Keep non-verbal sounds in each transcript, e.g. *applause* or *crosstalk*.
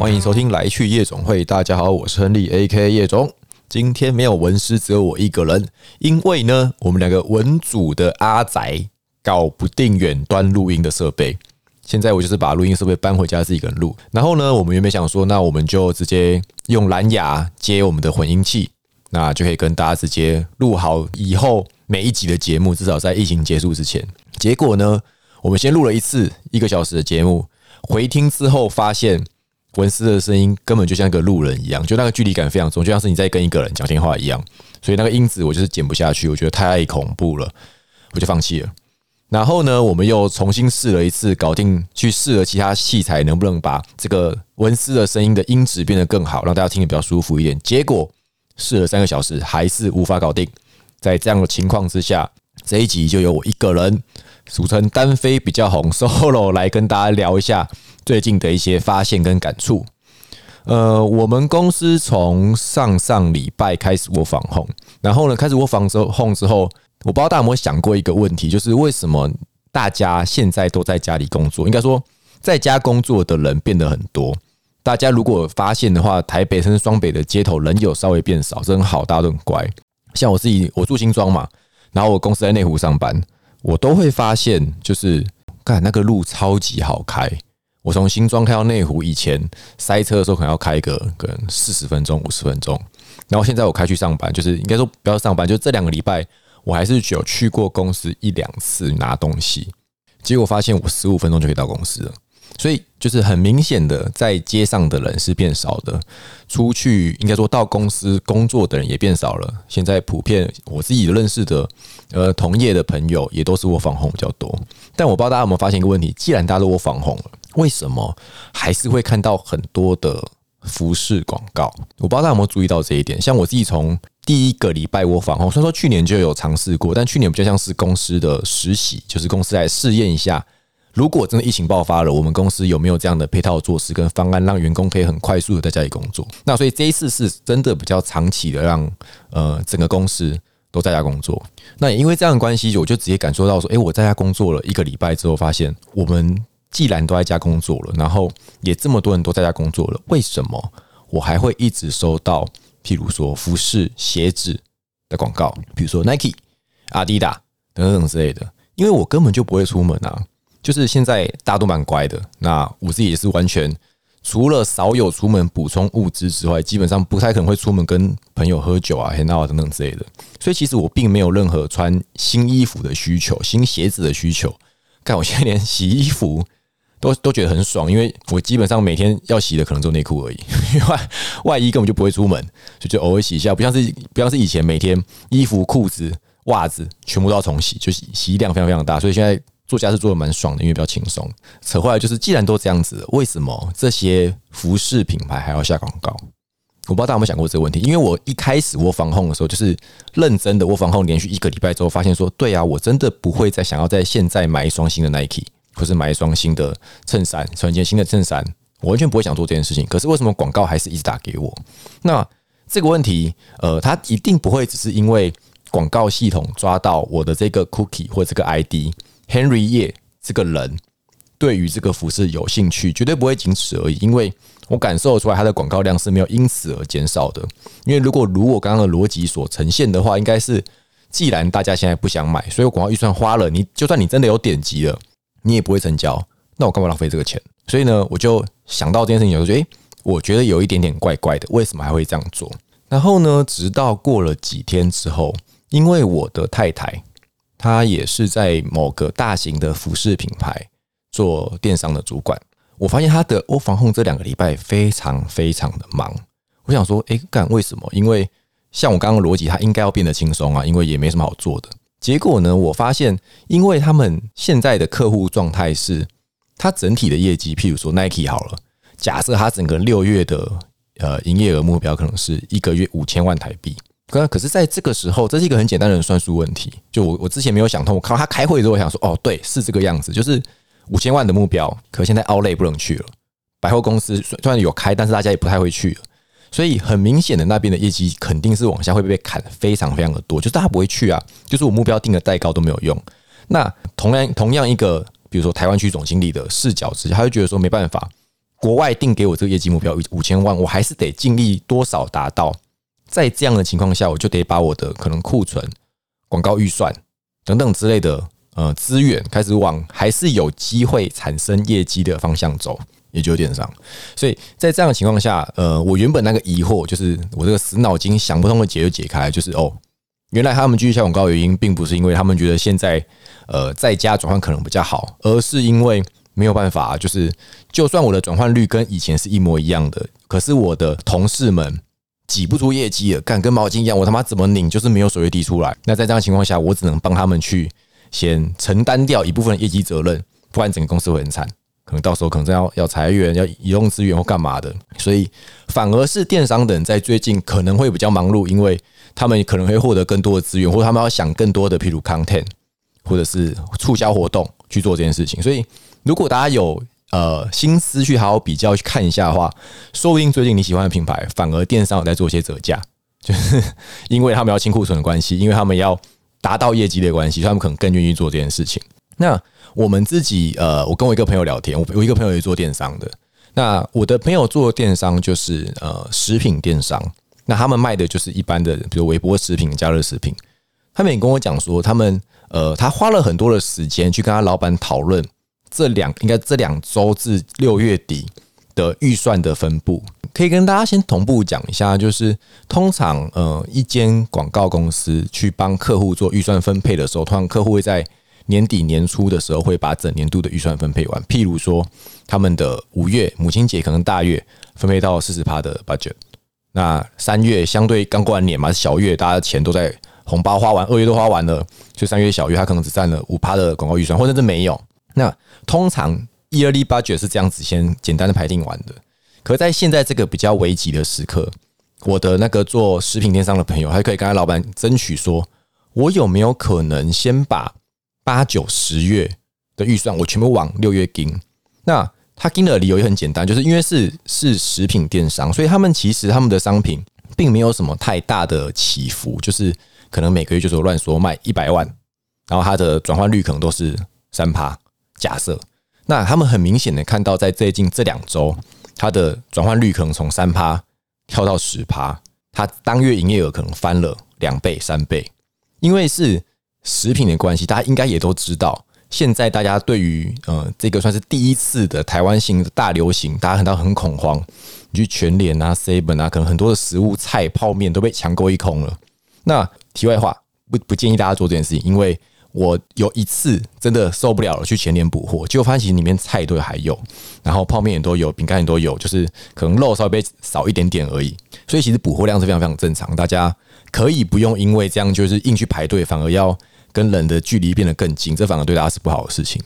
歡迎收聽《來去夜總會》。大家好，我是亨利 aka 葉總。今天沒有文師，只有我一個人，因為呢，我們兩個文組的阿宅搞不定遠端錄音的設備。現在我就是把錄音設備搬回家，自己一個人錄。然後呢，我們原本想說，那我們就直接用藍牙接我們的混音器，那就可以跟大家直接錄好以後每一集的節目，至少在疫情結束之前。結果呢，我們先錄了一次一個小時的節目，回聽之後發現，文斯的聲音根本就像一個路人一樣，就那個距離感非常重，就像是你在跟一個人講電話一樣。所以那個音質我就是剪不下去，我覺得太恐怖了，我就放棄了。然後呢，我們又重新試了一次，搞定去試了其他器材，能不能把這個文斯的聲音的音質變得更好，讓大家聽得比較舒服一點。結果試了三個小時，還是無法搞定。在這樣的情況之下，這一集就由我一個人，俗稱單飛比較紅 solo 來跟大家聊一下。最近的一些發現跟感觸，呃，我們公司從上上禮拜開始 WFH，然後呢，開始 WFH 之後，之後我不知道大家有沒有想過一個問題，就是為什麼大家現在都在家裡工作？應該說，在家工作的人變得很多。大家如果發現的話，台北甚至雙北的街頭人有稍微變少，真好，大家都很乖。像我自己，我住新莊嘛，然後我公司在內湖上班，我都會發現，就是看那個路超級好開，我從新莊開到內湖以前塞車的時候，可能要開個可能四十分鐘、五十分鐘。然後現在我開去上班，就是應該說不要上班，就這兩個禮拜我還是只有去過公司一兩次拿東西。結果發現我十五分鐘就可以到公司了，所以就是很明顯的，在街上的人是變少的，出去應該說到公司工作的人也變少了。現在普遍我自己認識的呃同業的朋友也都是我網紅比較多，但我不知道大家有沒有發現一個問題，既然大家都我防紅了。為什麼還是會看到很多的服飾廣告？我不知道大家有沒有注意到這一點。像我自己從第一個禮拜我 WFH，雖然說去年就有嘗試過，但去年比較像是公司的實習，就是公司來試驗一下，如果真的疫情爆發了，我們公司有沒有這樣的配套措施跟方案，讓員工可以很快速的在家裡工作。那所以這一次是真的比較長期的，讓呃整個公司都在家工作。那也因為這樣的關係，我就直接感受到說，誒，我在家工作了一個禮拜之後，發現我們。既然都在家工作了，然後也這麼多人都在家工作了，為什麼我還會一直收到譬如說服飾、鞋子的廣告，比如說 Nike、Adidas 等等之類的？因為我根本就不會出門啊。就是現在大家都蠻乖的，那我自己也是完全除了少有出門補充物資之外，基本上不太可能會出門跟朋友喝酒啊、喝鬧啊等等之類的。所以其實我並沒有任何穿新衣服的需求、新鞋子的需求。看我現在連洗衣服。都都覺得很爽，因為我基本上每天要洗的可能就內褲而已，因為外外衣根本就不會出門，就就偶爾洗一下，不像是不像是以前每天衣服、褲子、襪子全部都要重洗，就洗洗衣量非常非常大，所以現在做家事做的蠻爽的，因為比較輕鬆。扯回來就是，既然都這樣子了，為什麼這些服飾品牌還要下廣告？我不知道大家有沒有想過這個問題？因為我一開始 WFH 的時候，就是認真的 WFH 連續一個禮拜之後，發現說，對啊，我真的不會再想要在現在買一雙新的 Nike。就是買一雙新的襯衫，穿一件新的襯衫，我完全不會想做這件事情。可是為什麼廣告還是一直打給我？那這個問題，呃，它一定不會只是因為廣告系統抓到我的這個 cookie 或這個 ID Henry Ye 這個人對於這個服飾有興趣，絕對不會僅此而已。因為我感受出來，它的廣告量是沒有因此而減少的。因為如果如我剛剛的邏輯所呈現的話，應該是既然大家現在不想買，所以廣告預算花了，你就算你真的有點擊了。你也不會成交，那我幹嘛浪費這個錢？所以呢，我就想到這件事情，我就覺得，我覺得有一點點怪怪的，為什麼還會這樣做？然後呢，直到過了幾天之後，因為我的太太，她也是在某個大型的服飾品牌做電商的主管，我發現她的 WFH 這兩個禮拜非常非常的忙。我想說，哎、欸，幹，為什麼？因為像我剛剛邏輯，她應該要變得輕鬆啊，因為也沒什麼好做的。結果呢？我發現，因為他們現在的客戶狀態是，他整體的業績，譬如說 Nike 好了，假設他整個六月的呃營業額目標可能是一個月五千萬台幣。可可是在這個時候，這是一個很簡單的算術問題。就我我之前沒有想通，我靠他開會的時候我想說，哦對，是這個樣子，就是五千萬的目標，可現在 Outlet 不能去了，百貨公司雖然有開，但是大家也不太會去了。所以很明顯的，那邊的業績肯定是往下會被砍非常非常的多，就是他不會去啊。就是我目標定得再高都沒有用。那同樣同樣一個，比如說台灣區總經理的視角之下，他就覺得說，沒辦法，國外定給我這個業績目標五千萬，我還是得盡力多少達到。在這樣的情況下，我就得把我的可能庫存、廣告預算等等之類的呃資源，開始往還是有機會產生業績的方向走。也就有點上，所以在這樣的情況下，呃，我原本那個疑惑，就是我這個死腦筋想不通的結就解開，就是哦，原來他們繼續下廣告的原因並不是因為他們覺得現在呃在家轉換可能比較好，而是因為沒有辦法，就是就算我的轉換率跟以前是一模一樣的，可是我的同事們擠不出業績了，乾跟毛巾一樣，我他媽怎麼擰就是沒有水會滴出來。那在這樣的情況下，我只能幫他們去先承擔掉一部分的業績責任，不然整個公司會很慘，可能到時候可能要要裁員，要移動資源或幹嘛的，所以反而是電商等在最近可能會比較忙碌，因為他們可能會獲得更多的資源，或他們要想更多的，譬如 content 或者是促銷活動去做這件事情。所以，如果大家有呃心思去好好比較去看一下的話，說不定最近你喜歡的品牌反而電商有在做些折價，就是因為他們要清庫存的關係，因為他們要達到業績的關係，所以他們可能更願意做這件事情。那。我們自己呃，我跟我一個朋友聊天，我我一個朋友也做電商的。那我的朋友做電商就是呃，食品電商。那他們賣的就是一般的，比如微波食品、加熱食品。他們也跟我講說，他們呃，他花了很多的時間去跟他老板討論這兩應該這兩周至六月底的預算的分布。可以跟大家先同步講一下，就是通常呃，一間廣告公司去幫客戶做預算分配的時候，通常客戶會在。年底年初的時候，會把整年度的預算分配完。譬如說，他們的五月母親節可能大月，分配到四十趴的 budget。那三月相對剛過完年嘛，小月，大家錢都在紅包花完，二月都花完了，就三月小月，他可能只占了五趴的廣告預算，或者是沒有。那通常 yearly budget 是這樣子，先簡單的排定完的。可在現在這個比較危急的時刻，我的那個做食品電商的朋友，還可以跟他老闆爭取，說我有沒有可能先把。八九十月的預算，我全部往六月盯。那他盯的理由也很簡單，就是因為是是食品電商，所以他們其實他們的商品並沒有什麼太大的起伏，就是可能每個月就是亂說賣一百萬，然後它的轉換率可能都是三趴。假設，那他們很明顯的看到，在最近這兩週，它的轉換率可能從三趴跳到十趴，它當月營業額可能翻了兩倍三倍，因為是。食品的關係，大家應該也都知道。現在大家對於呃這個算是第一次的台灣性的大流行，大家看到很恐慌。你去全聯啊、seven 啊，可能很多的食物、菜、泡麵都被搶購一空了。那題外話，不不建議大家做這件事情，因為我有一次真的受不了了，去全聯補貨，結果發現其實裡面菜都還有，然後泡麵也都有，餅乾也都有，就是可能肉稍微被少一點點而已。所以其實補貨量是非常非常正常，大家。可以不用因為這樣就是硬去排隊，反而要跟人的距離變得更近。這反而對大家是不好的事情。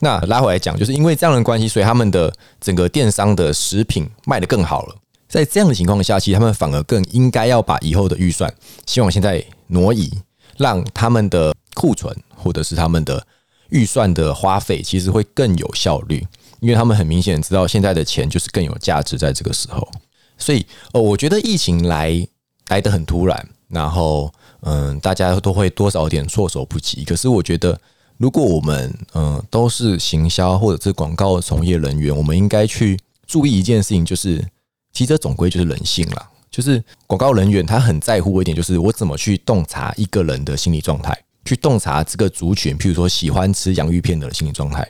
那拉回來講，就是因為這樣的關係，所以他們的整個電商的食品賣得更好了。在這樣的情況下，其實他們反而更應該要把以後的預算，希望現在挪移，讓他們的庫存或者是他們的預算的花費，其實會更有效率，因為他們很明顯知道現在的錢就是更有價值在這個時候。所以，哦，我覺得疫情來來得很突然。然後，嗯、呃，大家都會多少有點措手不及。可是，我覺得，如果我們，嗯、呃，都是行銷或者是廣告從業人員，我們應該去注意一件事情，就是其實這總歸就是人性啦，就是廣告人員他很在乎一點，就是我怎麼去洞察一個人的心理狀態，去洞察這個族群，譬如說喜歡吃洋芋片的心理狀態，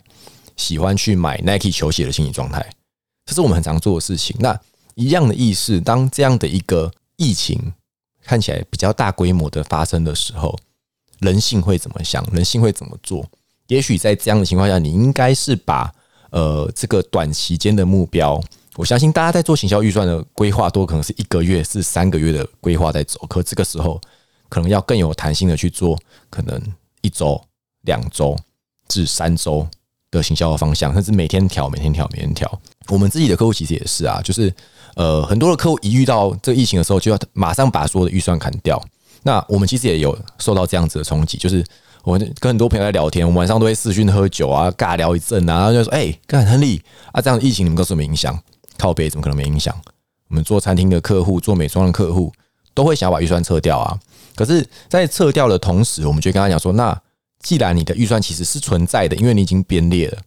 喜歡去買 Nike 球鞋的心理狀態，這是我們很常做的事情。那一樣的意思，當這樣的一個疫情，看起來比較大規模的發生的時候，人性會怎麼想？人性會怎麼做？也許在這樣的情況下，你應該是把呃這個短期間的目標，我相信大家在做行銷預算的規劃，多可能是一個月至三個月的規劃在走，可這個時候可能要更有彈性的去做，可能一周、兩周至三周的行銷的方向，甚至每天調、每天調、每天調。我們自己的客戶其實也是啊，就是。呃，很多的客戶一遇到這個疫情的時候，就要馬上把所有的預算砍掉。那我們其實也有受到這樣子的衝擊，就是我跟很多朋友在聊天，我們晚上都會視訊喝酒啊，尬聊一陣啊，然後就會說：“哎、欸，幹，亨利啊，這樣的疫情你們根什麼影響？靠北怎麼可能沒影響？我們做餐廳的客戶，做美妝的客戶，都會想要把預算撤掉啊。可是，在撤掉的同時，我們就跟他講說：那既然你的預算其實是存在的，因為你已經編列了，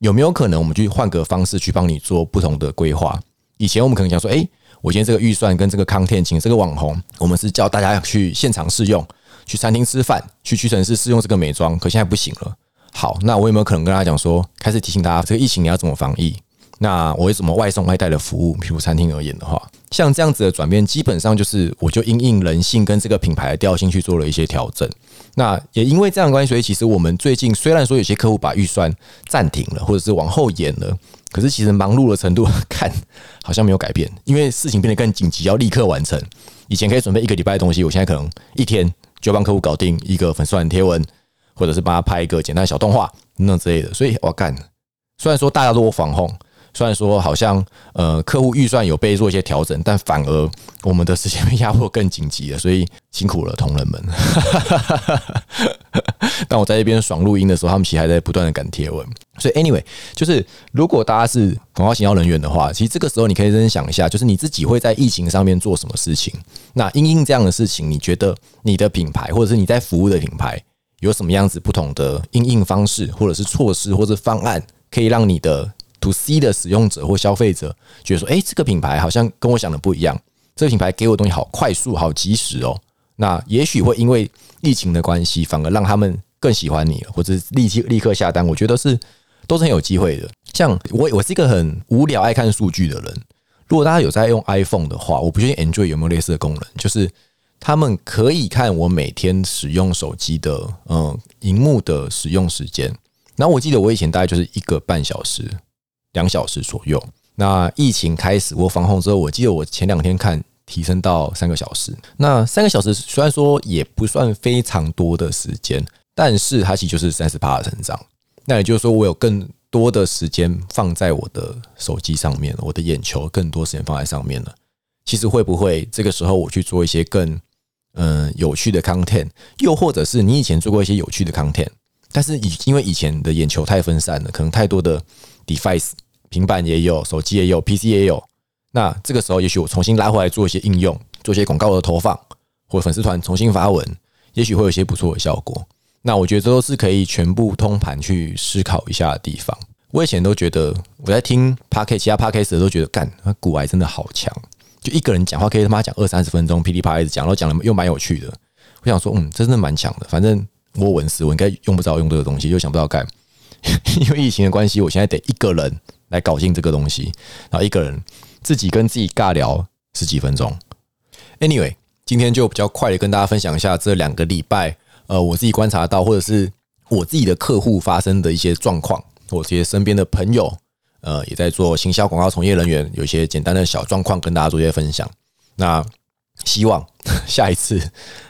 有沒有可能我們去換個方式去幫你做不同的規劃？”以前我們可能講說，誒，我今天這個預算跟這個 content，請這個網紅，我們是叫大家去現場試用，去餐廳吃飯，去屈臣氏試用這個美妝。可現在不行了。好，那我有沒有可能跟大家講說，開始提醒大家，這個疫情你要怎麼防疫？那我有什麼外送外帶的服務？譬如餐廳而言的話，像這樣子的轉變，基本上就是我就因應人性跟這個品牌的調性去做了一些調整。那也因為這樣的關係，所以其實我們最近雖然說有些客戶把預算暫停了，或者是往後延了。可是其實忙碌的程度，看好像沒有改變，因為事情變得更緊急，要立刻完成。以前可以準備一個禮拜的東西，我現在可能一天就要幫客戶搞定一個粉絲貼文，或者是幫他拍一個簡單小動畫那之類的。所以，我幹。雖然說大家都有防控，雖然說好像呃客戶預算有被做一些調整，但反而我們的時間被壓迫更緊急了。所以辛苦了同仁們。 *laughs* 但 *laughs* 我在這邊爽錄音的時候，他們其實還在不斷的趕貼文。所以，anyway，就是如果大家是廣告行銷人員的話，其實這個時候你可以認真想一下，就是你自己會在疫情上面做什麼事情？那因應這樣的事情，你覺得你的品牌或者是你在服務的品牌，有什麼樣子不同的因應方式，或者是措施，或者方案，可以讓你的 to C 的使用者或消費者覺得說，誒、欸，這個品牌好像跟我想的不一樣，這個品牌給我的東西好快速、好及時哦。那也許會因為疫情的關係，反而讓他們更喜歡你，或者是立即立刻下單。我覺得是。都是很有機會的。像我，我是一個很無聊、愛看數據的人。如果大家有在用 iPhone 的話，我不確定 Android 有沒有類似的功能，就是他們可以看我每天使用手機的嗯、呃、熒幕的使用時間。然後我記得我以前大概就是一個半小時、兩小時左右。那疫情開始我防控之後，我記得我前兩天看提升到三個小時。那三個小時雖然說也不算非常多的時間，但是它其實就是三十趴的成長。那也就是說，我有更多的時間放在我的手機上面了，我的眼球更多時間放在上面了。其實會不會這個時候我去做一些更嗯、呃、有趣的 content，又或者是你以前做過一些有趣的 content，但是以因為以前的眼球太分散了，可能太多的 device，平板也有，手機也有，PC 也有。那這個時候也許我重新拉回來做一些應用，做一些廣告的投放，或者粉絲團重新發文，也許會有一些不錯的效果。那我覺得這都是可以全部通盤去思考一下的地方。我以前都覺得我在聽 podcast 其他 podcast 都覺得幹，那古埃真的好強，就一個人講話可以他媽講二三十分鐘，噼裡啪啦一直講，然後講了又蠻有趣的。我想說，嗯，真的蠻強的。反正我文思，我應該用不着用這個東西，又想不到幹。因為疫情的關係，我現在得一個人來搞定這個東西，然後一個人自己跟自己尬聊十幾分鐘。Anyway，今天就比較快的跟大家分享一下這兩個禮拜。呃，我自己觀察到，或者是我自己的客戶發生的一些狀況，我這些身邊的朋友，呃，也在做行銷廣告從業人員，有一些簡單的小狀況跟大家做一些分享。那希望下一次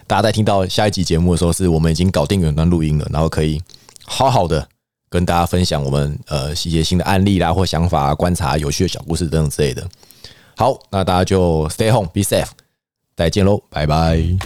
大家在聽到下一集節目的時候，是我們已經搞定遠端錄音了，然後可以好好的跟大家分享我們呃一些新的案例啦，或想法、啊、觀察、有趣的小故事等等之類的。好，那大家就 stay home, be safe，再見嘍，拜拜。